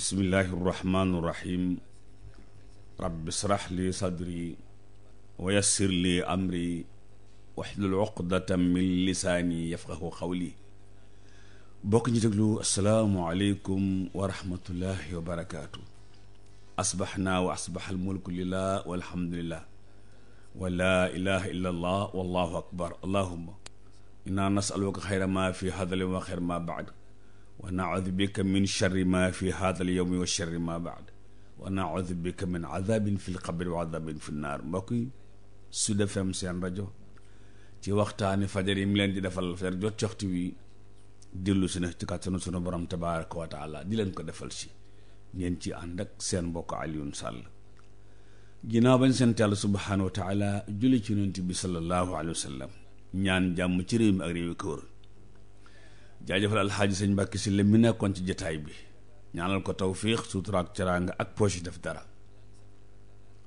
bismillaahi rahmaani rahiim rabbi srax li sadri wa yassir li amri waxlul uqdatan min lisaani yafqahu xawli bokk ñi déglu asalaamualeykum wa rahmatullahi wa barakaatu asbaxnaa wa asbaxal mulku lillah walhamdulillah wa laa ilaha illa allah wallahu akbar allahuma inna nasaluka xayra ma fi hadal wa xayra ma baad wa naudu bika min charri ma fi hada al yowmi wa charri ma baad wa bi bika min adabin fi lqabri wa adabin fi nnaar mbokk su Sud FM seen rajo ci waxtaani fajar yi mu leen di defal fajar jot ci waxtu wi dillu si na ci kàttanu sunu borom tabaraka wa taala di leen ko defal si ngeen ci ànd ak seen mbokk Alioune Sall ginnaaw bañ sant yàlla subhaanahu wa taala ci yonent bi sallallahu alayhi wa ñaan jàmm ci réew mi ak réew jaajëfal alxaaji sëñ Mbàkke si la mi nekkoon ci jataay bi ñaanal ko tawfiix sutura ak teraanga ak poche def dara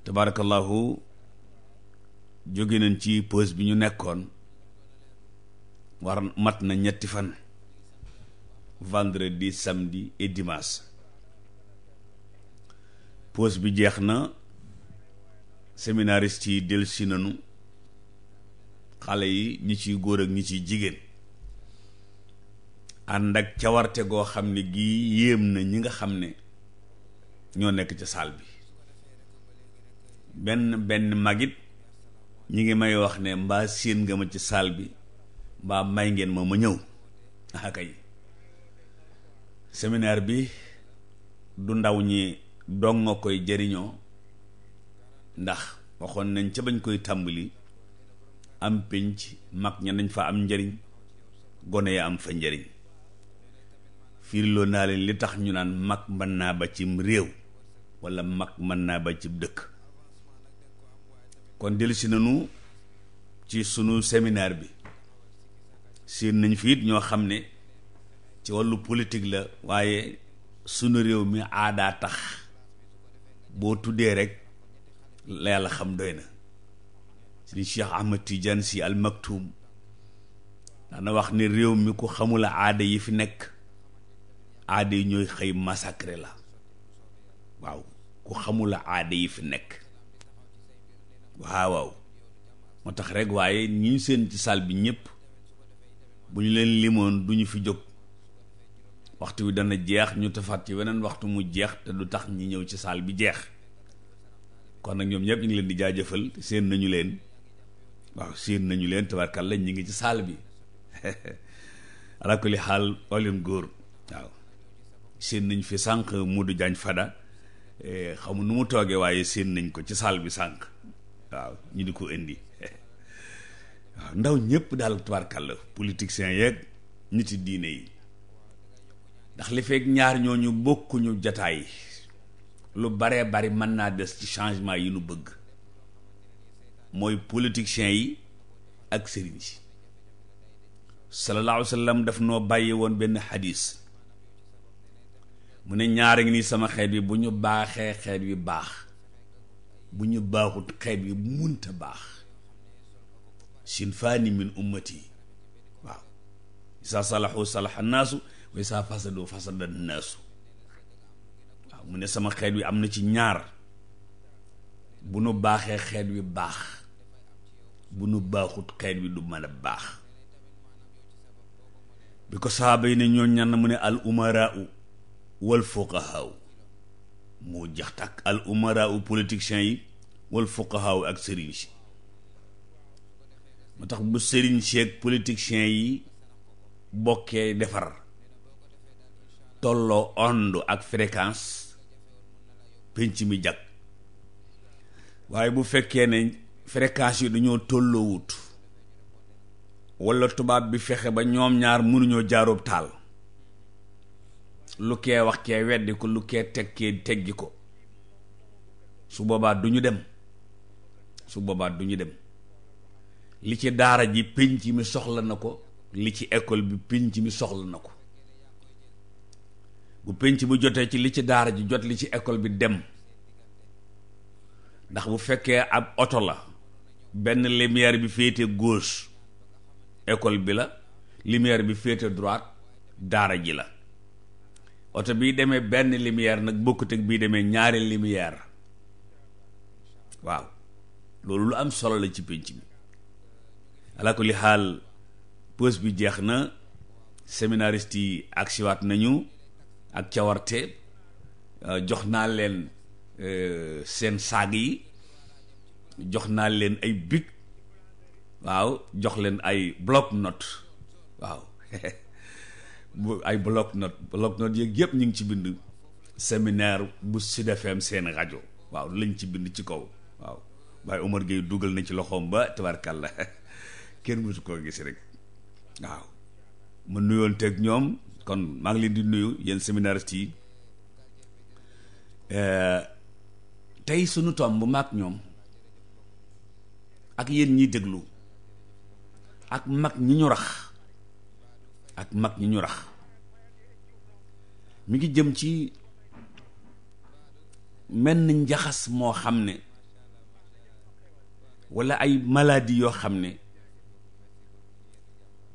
tabaarakallaahu jóge nañ ci poose bi ñu nekkoon war mat na ñetti fan vendredi samedi et dimanche pause bi jeex na séminariste yi dellusi nañu xale yi ñi ciy góor ak ñi ciy jigéen ànd ak cawarte goo xam ne gii yéem na ñi nga xam ne ñoo nekk ci saal bi benn benn magit ñi ngi may wax ne mbaa séen nga ma ci saal bi mbaa may ngeen ma ma ñëw ah kay bi du ndaw ñi dong nga koy jariñoo ndax waxoon nañ ca bañ koy tàmbali am pénc mag ña nañ fa am njariñ gone ya am fa njariñ fiirloo naa leen li tax ñu naan mag mën naa ba cim réew walla mag mën naa ba cib dëkk kon dellusi nañu ci sunu séminaire bi seen nañ fi it ñoo xam ne ci wàllu politik la waaye sunu réew mi aadaa tax boo tuddee rek la yàlla xam doy na sëñ Cheikh Ahmad Tidiane Sy Al Maktoum daana wax ne réew mi ku xamula aada yi fi nekk aada yi ñooy xëy massacre la waaw ku xamula aada yi fi nekk waaw waaw moo tax rek waaye ñu seen ci saal bi ñépp bu ñu leen limoon duñu fi jóg waxtu wi dana jeex ñu tafaat ci weneen waxtu mu jeex te du tax ñi ñëw ci saal bi jeex kon nag ñoom ñépp ñu leen di jaajëfal seen nañu leen waaw seen nañu leen tabarkalla ñi ngi ci saal bi alaa kulli xaal olin góor waaw seen nañ fi sànq Modou Diagne Fada e, xamu nu mu toogee waaye seen nañ ko ci saal bi sànq waaw ñu di ko indi waaw ndaw ñëpp daal tubaarkàlla politiciens yeeg nit yi diine yi ndax li fekk ñaar ñu bokkuñu jataay lu baree bari mën naa des ci changement yi nu bëgg mooy politiciens yi ak sëriñ si sallallahu alayhi wa sallam daf noo bàyyi woon benn xadis mu ne ñaar ngi nii sama xeet bi bu ñu baaxee xeet bi baax bu ñu baaxut xeet bi munta baax sinfaani min ummati waaw isa salahu salaha naasu wa naasu waaw mu ne sama xeet bi am na ci ñaar bu nu baaxee xeet bi baax bu nu baaxut xeet bi du mën a baax bi ko saaba yi ne ñoo ñan mu ne al umarau wal fuqahaaw moo jax al umaraa u politiciens yi wal fuqahaaw ak sëriñ si ma tax bu sëriñ si ak politiciens yi bokkee defar tolloo onde ak fréquence penc mi jag waaye bu fekkee ne fréquence yi dañoo tolloowut wala tubaab bi fexe ba ñoom ñaar mënuñoo jaaroob taal lu kee wax kee weddi ko lu kee teg kee teggi ko su boobaat duñu dem su boobaat duñu dem li ci daara ji pénc mi soxla na ko li ci école bi pénc mi soxla na ko bu pénc mi jotee ci li ci daara ji jot li ci école bi dem ndax bu fekkee ab oto la benn lumière bi féete gauche école bi la lumière bi féete droit daara ji la oto bii demee benn lumière nag bokkut bii demee ñaari lumière waaw loolu lu am solo la ci pénc mi ala kulli xaal pause bi jeex na seminarist yi agsiwaat nañu ak cawarte euh, jox naa leen euh, seen saag yi jox naa leen ay bic waaw jox leen ay bloc note waaw ay bloc note bloc note yeeg yëpp ñu ngi ci bind séminaire bu Sud FM seen rajo waaw lañ ci bind ci kaw waaw waaye Omar Gueye dugal na ci loxoom ba tabarkàlla kenn mësu ko gis rek waaw ma nuyoon teg ñoom kon maa ngi leen di nuyu yéen séminaristes yi eh, tey sunu tomb bu maag ñoom ak yéen ñi déglu ak mag ñi ñu rax ak mag ñi ñu rax mi ngi jëm ci menn njaxas moo xam ne walla ay maladie yoo xam ne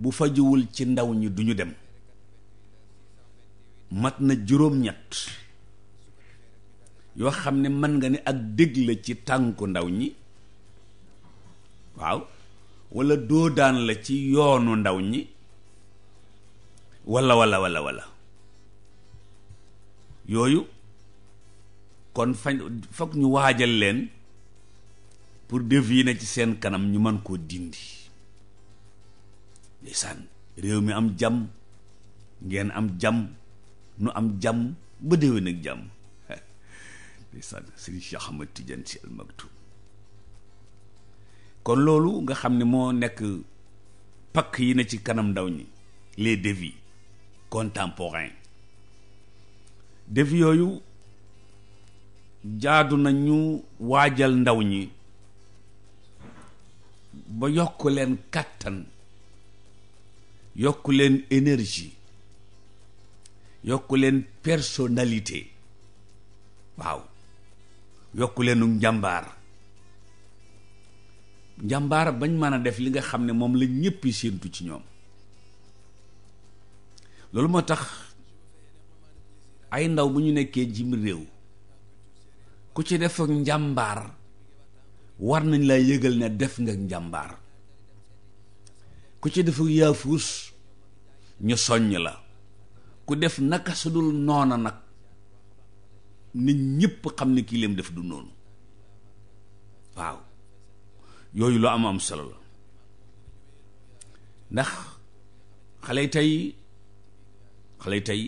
bu fajuwul ci ndaw ñi duñu dem mat na juróom-ñett yoo xam ne mën nga ne ak dégg ci tànku ndaw ñi waaw walla doo daan la ci yoonu ndaw ñi walla walla walla walla yooyu kon fañ foog ñu waajal leen pour def yi ne ci seen kanam ñu mën koo dindi ndeysaan réew mi am jàmm ngeen am jàmm nu am jàmm ba déwén ak jàmm ndeysaan Sëriñ Cheikh Ahmad Tidiane Sy Al Maktoum kon loolu nga xam ni moo nekk pakk yi ne ci kanam ndaw ñi les défis contemporain def yooyu jaadu nañu waajal ndaw ñi ba yokk leen kàttan yokk leen énergie yokk leen personnalité waaw yokk leenu njàmbaar njàmbaar bañ mën a def li nga xam ne moom la ñëpp séentu ci ñoom loolu moo tax ay ndaw bu ñu nekkee jim réew ku ci def ak njàmbaar war nañ lay yëgal ne def nga njàmbaar ku ci def ak yaafuus ñu soññ la ku def naka su dul noona nag nit ñëpp xam ne kii leen def du noonu waaw yooyu lu am am solo la ndax xale tey xale yi tey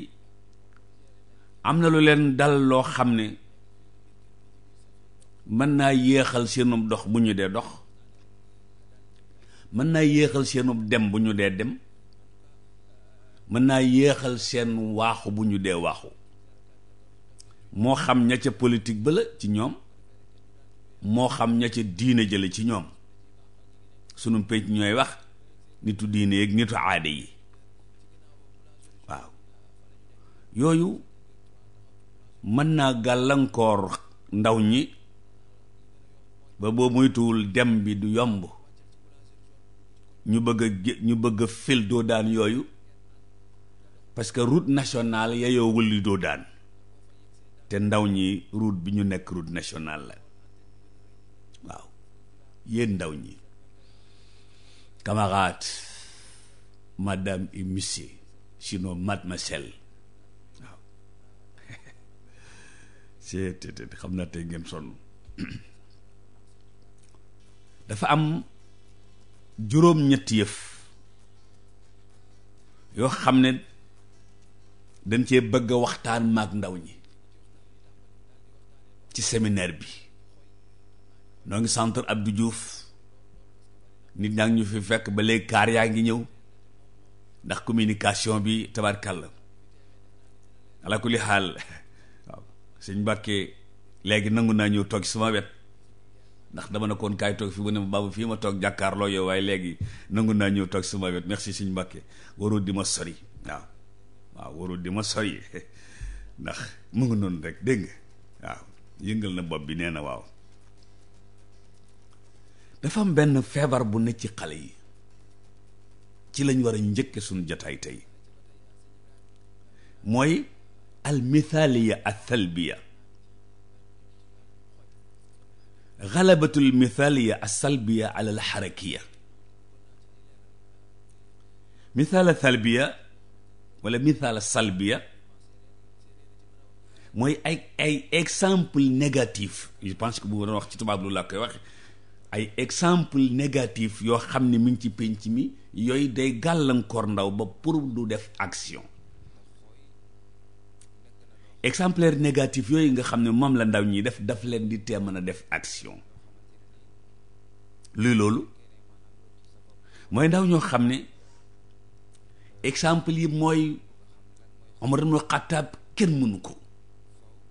am na lu leen dal loo xam ne mën naa yéexal seenum dox bu ñu dee dox mën naa yéexal seenum dem bu ñu dee dem mën naa yéexal seen waaxu bu ñu dee waaxu moo xam ña ca politique ba ci ñoom moo xam ña ca diine jële ci ñoom sunu pénc ñooy wax nitu diine yeeg nitu aada yi yooyu mën naa gàllankoor ndaw ñi ba boo muytuwul dem bi du yomb ñu bëgg a fil doo daan yooyu parce que route nationale yeyoo wulli doo daan te ndaw ñi route bi ñu nekk route nationale la waaw yéen ndaw ñi camarades madame et monsieur sinon mademoiselle ci te te xam naa te ngeen sonn dafa am juróom-ñetti yëf yoo xam ne dañ cee bëgg a waxtaan maag ndaw ñi ci séminaire bi noo ngi centre Abdou Diouf nit ñaa ngi ñu fi fekk ba léegi kaar yaa ngi ñëw ndax communication bi tabarkàlla ala kulli xaal sëñ Mbàkke léegi nangu naa ñëw toog sama wet ndax dama nekkoon kaay toog fi mu ne ma baabu fii ma toog jàkkaarloo yow waaye léegi nangu naa ñëw toog sama wet merci suñ Mbàkke warul di ma sori waaw waaw waroo di ma sori ndax mu ngi noonu rek dégg waaw yëngal na bopp bi nee na waaw dafa am benn feebar bu ne ci xale yi ci lañ war a njëkke suñu jataay tey mooy almithaaliya althalbiya galabatu almithaaliya al ala alxarakiya mithaala thalbiya wala mithaala salbiya mooy ay ay exemple négatif je pense que bu doon wax ci tubaab lu laa koy wax ay exemple négatif yoo xam ne mi ngi ci pénc mi yooyu day gàllankoor ndaw ba pour du def action exemplaire négatif yooyu nga xam ne moom la ndaw ñi def daf leen di tee mën a def action luy loolu mooy ndaw ñoo xam ne exemple yi mooy Omar ibn Khattab kenn mënu ko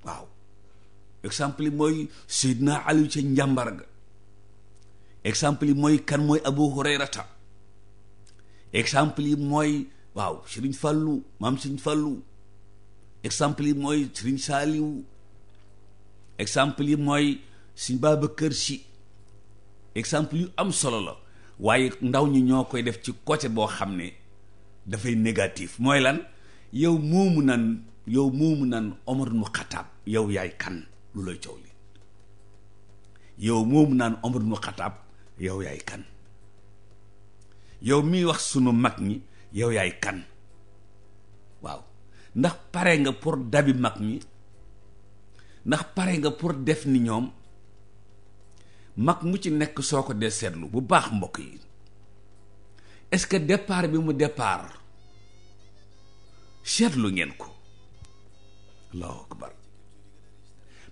waaw mooy Seydina Aliou ca njàmbar ga exemple yi mooy kan mooy Abu Hurayrata exemple yi mooy waaw Serigne Fallou maam Serigne Fallou exemple yi mooy Sëriñ Saaliw exemple yi mooy Sëriñ Babacar Si exemple yu am solo la waaye ndaw ñi ñoo koy def ci côté boo xam ne dafay négatif mooy lan yow moomu nan yow moomu nan Omar nu Xataab yow yaay kan lu lay coow li yow moomu naan Omar nu Xataab yow yaay kan yow miy wax sunu mag ñi yow yaay kan ndax pare nga pour dabi mag mi ndax pare nga pour def ni ñoom mag mu ci nekk soo ko dee seetlu bu baax mbokk yi est-ce que départ bi mu depaar seetlu ngeen ko allahu akbar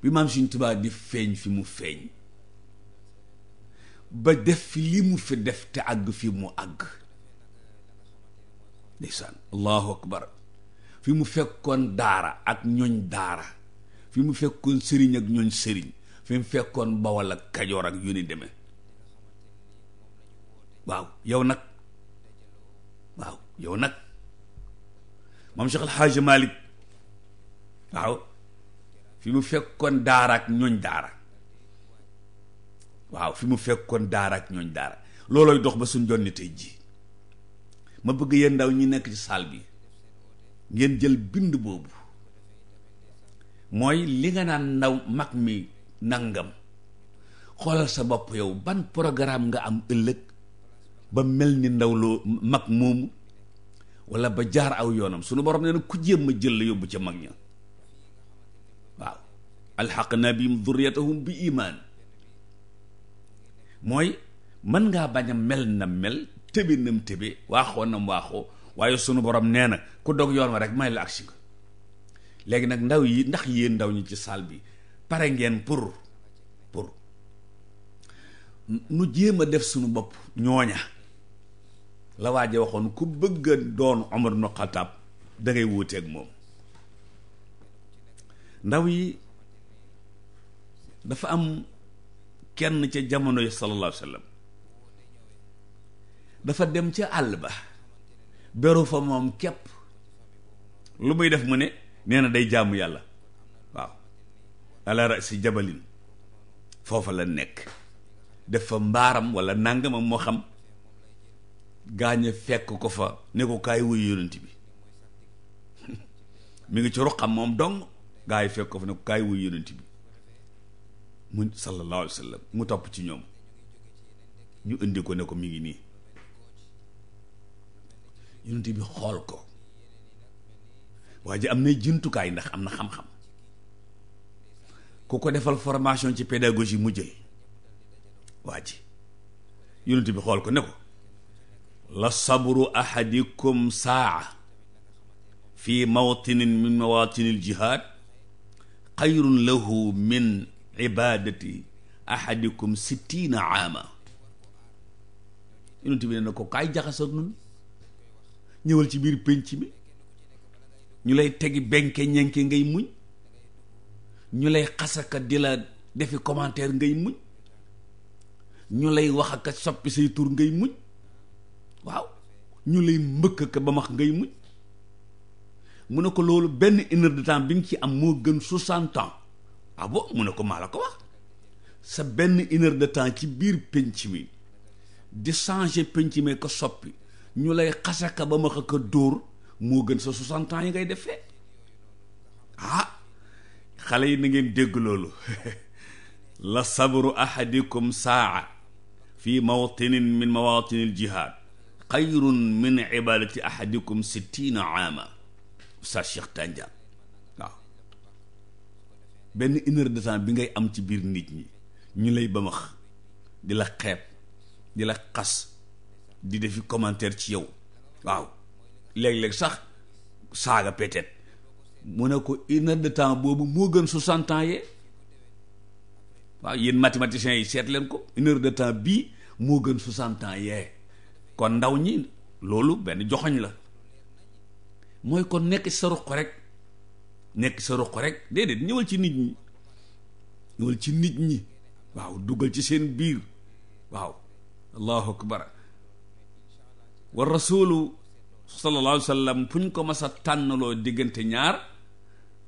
bi maam Sëriñ Tuubaa di feeñ fi mu feeñ ba def fi li mu fi def te àgg fi mu àgg ndeysaan allahu akbar fi mu fekkoon daara ak ñooñ daara fi mu fekkoon sëriñ ak ñooñ sëriñ fi mu fekkoon ba ak kajoor ak yu ni demee waaw yow nag waaw yow nag moom Cheikh El Hadj Malick waaw fi mu fekkoon daara ak ñooñ daara waaw mu fekkoon daara ñooñ daara loolooy dox ba suñ jonni tey ji ma bëgg yéen ndaw ñi nekk ci saal bi ngeen jël bind boobu mooy li nga naan ndaw mag mi nangam xoolal sa bopp yow ban programme nga am ëllëg ba mel ni ndaw loo mag moomu wala ba jaar aw yoonam sunu borom nee na ku jéem a jël la yóbbu ca mag ña waaw alxaqna bihim durriyatahum bi imaan mooy mën ngaa bañ mel na mel tëbe nam tëbe waaxoo nam waaxoo waaye sunu boroom nee na ku dog yoon wa rek may la agsi nga léegi nag ndaw yi ndax yéen ndaw ñi ci saal bi pare ngeen pour pour nu jéem a def sunu bopp ñooña la waaje waxoon ku bëgg doon Omar ibn Khattab da ngay moom ndaw yi dafa am kenn ca jamono yi sallallahu alayhi dafa dem ca àll ba beru fa moom képp lu muy def mu ne nee day jaamu yàlla waaw ala rasi jabalin foofa la nekk def fa mbaaram walla nàngamam moo xam gaañe fekk ko fa ne ko kaay wuyu yonent bi mi ngi ci moom dong gaa yi fekk ko fa ne mu sallallahu alayhi mu topp ci ñoom ñu indi ko ne ko mi ngi nii yonent bi xool ko waa am nay jumtukaay ndax am na xam-xam ko defal formation ci pédagogie mujjee waa ji yonent xool ko ne la sabru ahadikum saa fi mawtinin min mawatinil jihad xayrun lahu min ibadati ahadikum aama ñëwal ci biir pénc mi ñu lay tegi benke ñenke ngay muñ ñu lay xasaka di la defi commentaire ngay muñ ñu lay wax ak soppi say tur ngay muñ waaw ñu lay mbëkk ka ba max ngay muñ mu ne ko loolu benn une de temps bi nga ci am moo gën soixante ans ah bon mu ne ko maa la ko wax sa benn une de temps ci biir penc mi di changer penc mi ko soppi ñu lay xasaka ba ma xëkk dóor moo gën sa 60 ans yi ngay def ah xale yi na ngeen dégg loolu la sabru ahadikum saa fi mawtinin min mawatini l jihad xayrun min ibadati ahadikum sittina aama sa Cheikh Tandian waaw benn une heure bi ngay am ci biir nit ñi ñu lay bamax di la xeeb di la xas di defi commentaire ci yow waaw léeg-léeg sax saaga peut-être mu ne ko une heure de temps boobu moo gën soixante ans yee waaw yéen mathématiciens yi seet leen ko une heure de temps bii moo gën soixante ans yee kon ndaw ñi loolu benn joxoñ la mooy kon nekk sa ruq rek nekk sa ruq rek déedéet ñëwal ci nit ñi ñëwal ci nit ñi waaw dugal ci seen biir waaw allahu akbar wa rasulu sallallahu alayhi wa sallam fu ñu ko mas a tànnaloo diggante ñaar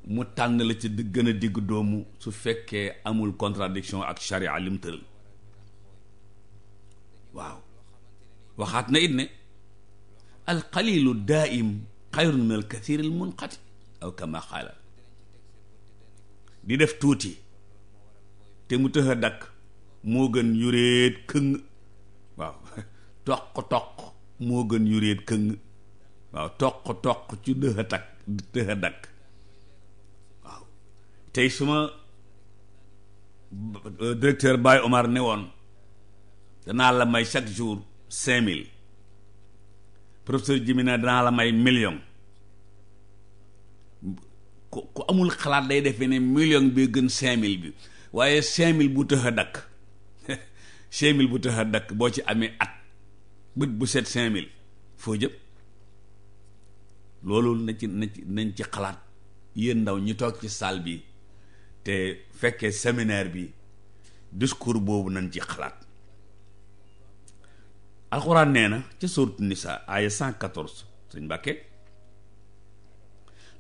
mu tànn la ci di gën a digg doomu su fekkee amul contradiction ak sharia lim tëral waaw waxaat na it ne al qalilu daaim xayrun min al kathir al munqati aw kama qaala di def tuuti te mu tëx a dakk moo gën yuréet këng waaw toq toq moo gën yu réet këng waaw toq toq ci dëxa takk dëxa dakk waaw tey suma directeur Baye Omar ne woon danaa la may chaque jour cinq mille professeur Jimmy ne danaa la may million ku ku amul xalaat day defee ne million bi gën cinq mille bi waaye sin mille bu tëx a dakk cinq mille bu tëx dakk boo ci amee at bët bu set cinq mille foo jëm loolu na ci na ci nañ ci xalaat yéen ndaw ñi toog ci salle bi te fekkee seminaire bi discours boobu nañ ci xalaat alxuraan nee na ca suuratu nisaa aaya cent quatorze sëñ Mbàkke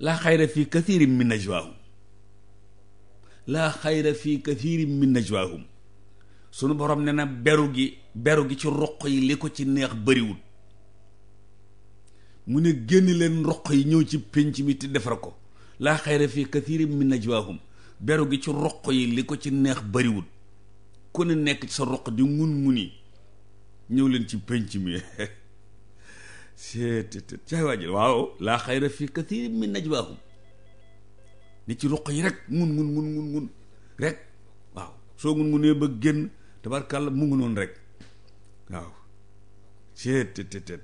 laa xayra fii kathirin min najwaahum laa xayra fii kathirin min najwaahum sunu borom ne na beru gi beru gi ci roq yi li ko ci neex bariwul mu ne génn leen roq yi ñëw ci pénc mi te defar ko laa xayra fi kathirin min najwaahum beru gi ci roq yi li ko ci neex bariwul ku ne nekk ci sa roq di ngun nguni ñëw leen ci pénc mi seet caay waajal waaw laa xayra fi kathirin min najwaahum ni ci roq yi rek ngun ngun ngun rek waaw soo ngun ngunee ba génn tabarkàlla mu ngi noonu rek waaw ceet tet tet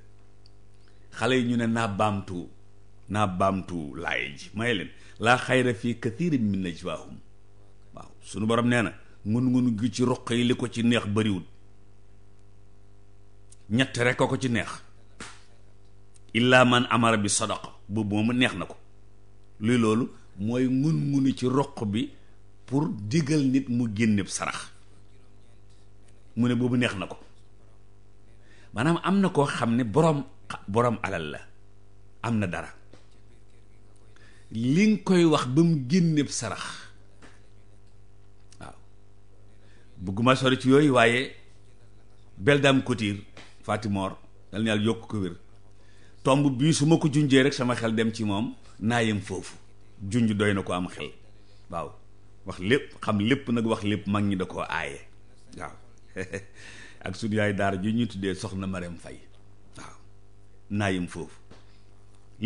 xale yi ñu ne naa baamtu naa baamtu laay ji may leen laa xayra fii kathirin min najwaahum waaw sunu borom nee na ngun-ngun gi ci roq yi li ko ci neex bariwul ñett rek ko ci neex illaa man amara bi sadaqa boobu neex na ko luy loolu mooy ngun-ngunu ci roq bi pour digal nit mu génneb sarax mu ne boobu neex na ko maanaam am na koo xam ne boroom boroom alal la am na dara li nga koy wax ba mu génneeb sarax waaw bëgguma sori ci yooyu waaye Beldam Couture Fatimor dal na yàlla yokk ko wér tomb bii su ma ko junjee rek sama xel dem ci moom naa yem foofu junj doy na ko am xel waaw wax lépp xam lépp nag wax lépp mag ñi da koo aaye waaw ak suñu yaay daara ji ñuy tuddee soxna Marème fay waaw naayam foofu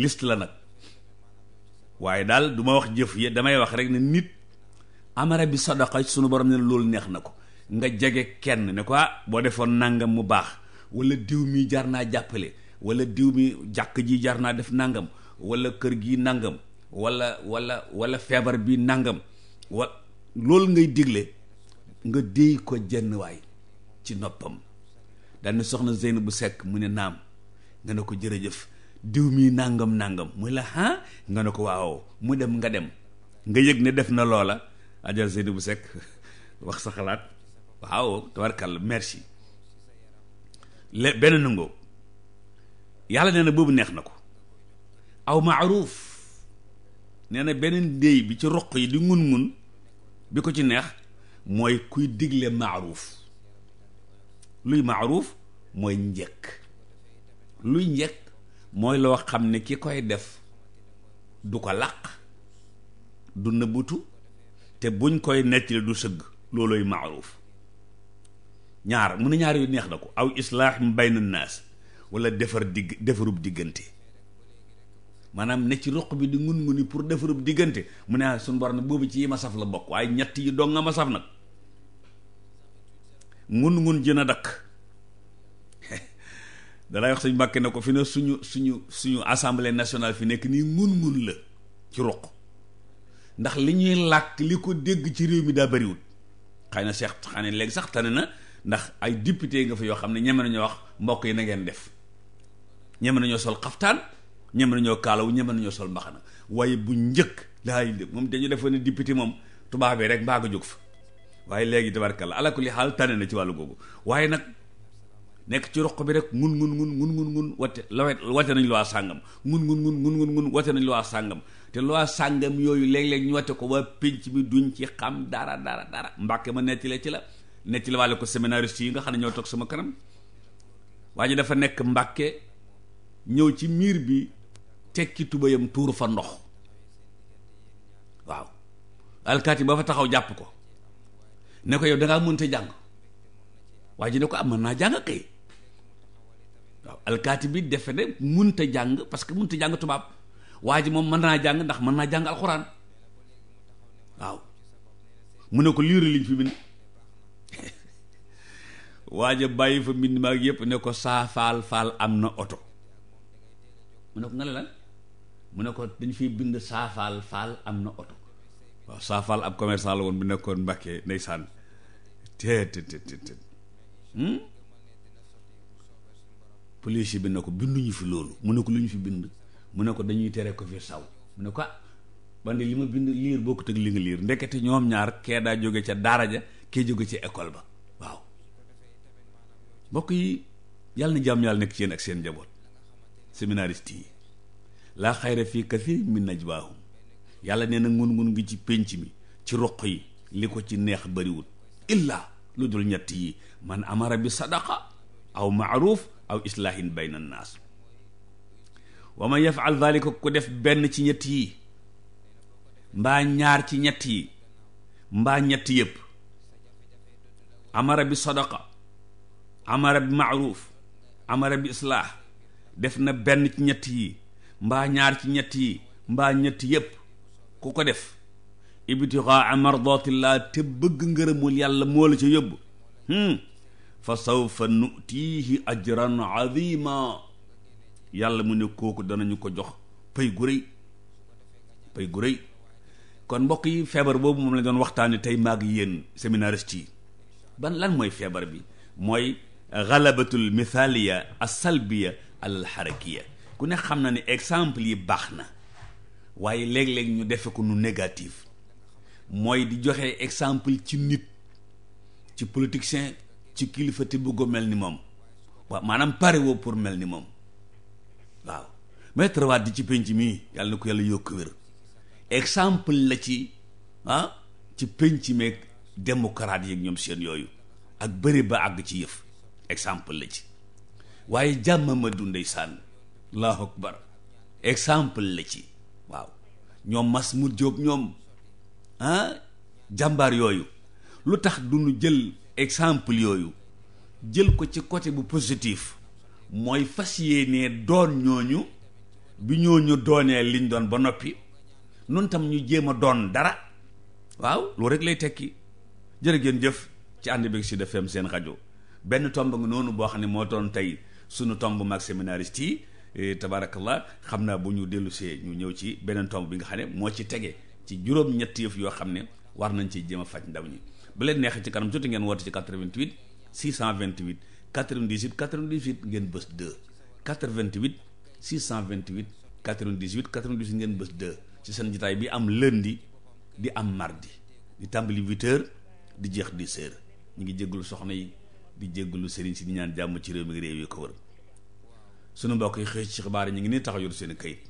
liste la nag waaye daal duma wax jëf yi damay wax rek ne nit amara bi sadaqa sunu borom ne loolu neex na ko nga jege kenn ne ko ah boo defoon nangam mu baax wala diw mi jar naa jàppale wala diw mi jàkk ji jar naa def nangam wala kër gi nangam walla walla walla feebar bi nangam wa loolu ngay digle nga déy ko jenn waay ci noppam dana soxna bu Sekk mu ne naam nga ne ko jërëjëf diw mi nangam nangam muy la ah nga ne ko waaw mu dem nga dem nga yëg ne def na loola Adja bu Sekk wax sa xalaat waaw tabarkàlla merci le benn nangoo yàlla nee na boobu neex na ko aw maaruuf nee na beneen déy bi ci roq yi di ngun ngun bi ko ci neex mooy kuy digle maaruuf luy maaruuf mooy njëkk luy njëkk mooy loo xam ne ki koy def du ko làq du nëbbutu te buñ koy nettali du sëgg looloy maaruuf ñaar mu ne ñaar yu neex na ko aw islaax mu bayna naas walla defar digg defarub diggante maanaam ne ci roq bi di ngun nguni pour defarub diggante mu ne ah, suñu borom ne boobu ci yi ma saf la bokk waaye ñett yi dong nga ma saf nag ngun-ngun jën a dakk dalay wax sëñ Mbàkke na ko fi ne suñu suñu suñu assemblée nationale fi nekk nii ngun-ngun la ci ruq ndax li ñuy làkk li ko dégg ci réew mi daa bëriwul xëy na seex xane léegi sax tane na ndax ay député nga yoo xam ne ñeme nañoo wax mbokk yi nangeen def ñeme nañoo sol xaftaan ñeme nañoo kaalaw ñeme nañoo sol mbaxana waaye bu njëkk laay moom dañu defoon ne député moom tubaab bi rek mbaa nga jóg fa waaye léegi tabarkalla ala kulli xaal tànne na ci wàllu googu waaye nag nekk ci roq bi rek ngun ngun ngun ngun ngun ngun wate lawet wate nañ waa sàngam ngun ngun ngun ngun ngun ngun wate nañ waa sàngam te loi sàngam yooyu léeg-léeg ñu wate ko waa pénc mi duñ ci xam dara dara dara mbàkke ma netti ci la netti la wàlle ko séminariste yi nga xam ne ñoo toog sama kanam waa ji dafa nekk mbàkke ñëw ci miir bi tekki tubayam tuuru fa ndox waaw alkaati ba fa taxaw jàpp ko ne ko yow da ngaa mënta jàng waa ji ne ko am ah, mën naa jàng kay waaw alkaati bi defe ne mënta jàng parce que mënta jàng tubaab waa ji moom mën naa jàng ndax mën naa jàng alxuraan waaw mu ne ko liir liñ fi bind waaja bàyyi fa mbind maag yëpp ne ko saa faal am na oto mu ne ko nga ne mu ne ko dañ fiy bind saa faal faal am na oto waaw saafal ab commerçant la woon bu nekkoon Mbàkke ndeysaan te te te te hmm? policier bi ne ko binduñu fi loolu mu ne ko lu ñu fi bind mu ne ko dañuy tere ko fi saw mu ne ko ah bandi li ma bind liir ko ak li nga liir ndekete ñoom ñaar kee daa jóge ca daara ja kee jóge ci ecole ba waaw mbokk yi yàlla na jàmm yàlla nekk ci yéen ak seen njaboot séminariste yi laa xayra fii kathir min najwaahum yàlla nee na ngun-ngun gi ci pénc mi ci ruq yi li ko ci neex bariwul illa lu dul ñett yi man amara bi sadaqa aw maaruf aw islaahin bayna naas wa man yafaal dalika ku def benn ci ñett yi mbaa ñaar ci ñett yi mbaa yëpp amara bi sadaqa amara bi maaruf def na benn ñett yi mbaa ñaar ci ñett yi mbaa ñett yëpp ku ko def ibtixaa mardatillah te bëgg ngërëmul yàlla moo ci ca yóbbu hmm. fa sawfa nutiihi ajran azima yàlla mu ne kooku danañu ko jox pay gu rëy pay gu kon mbokk yi feebar boobu moom la doon waxtaane tey maag yéen séminariste yi ban lan mooy feebar bi mooy galabatul mithaliya as alal xarakiya ku ne xam na ni exemple yi baax na waaye léeg-léeg ñu defe ko nu négatif mooy di joxe exemple ci nit ci politicien ci kilifa te bëgg mel ni moom waaw maanaam pare woo pour mel ni moom waaw maître waat di ci pénc mi yàlla na ko yàlla yokk wér exemple la ci ah ci penc meeg démocrate yeeg ñoom seen yooyu ak bëri ba àgg ci yëf exemple la ci waaye jàmm a dundee sànn allahu akbar exemple la ci ñoom mas mu jóob ñoom ah jàmbaar yooyu lu tax du jël exemple yooyu jël ko ci côté bu positif mooy fas yéenee doon ñooñu bi ñooñu doonee liñ doon ba noppi nun tam ñu jéem a doon dara waaw loolu rek lay tekki jërë ngeen jëf ci ànd bi Sud FM seen rajo benn tomb nga noonu boo xam ne moo doon tey sunu tomb mag séminariste yi Eh, tabaarakallah xam naa bu ñu dellusee ñu ñëw ci beneen tomb bi nga xam ne moo ci tege ci juróom ñetti yëf yoo xam ne war nañ ci jéem a faj ndaw ñi bu leen neexee ci kanam joti ngeen woote ci 88 628 98 98 ngeen bës 2 88 628 98 98 ngeen bës 2 ci seen jotaay bi am lundi di am mardi di tàmbali 8 heures di jeex 10 heures ñu ngi jégalu soxna yi di jégalu sëriñ si di ñaan jàmm ci réew mi réew yi ko sunu mbokk yi xëy ci xibaar yi ñu ngi nii tax yor seen i kayit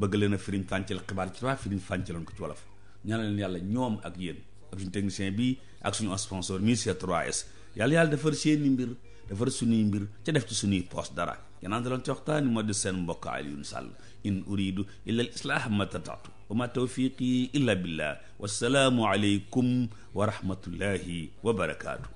bëgg leen a firiñ fàncal xibaar ci tubaab firiñ fàncaloon ko ci wolof ñaanal leen yàlla ñoom ak yéen ak suñu technicien bi ak suñu sponsor mi C3S yàlla yàlla defar seeni mbir defar suñuy mbir ca def ci suñuy poste dara yanaan daloon ci waxtaani moo di seen mbokk Alioune Sall in uridu illa al islaah ma tataatu wa ma tawfiqi illa billah wassalaamu aleykum wa rahmatullahi wa barakaatu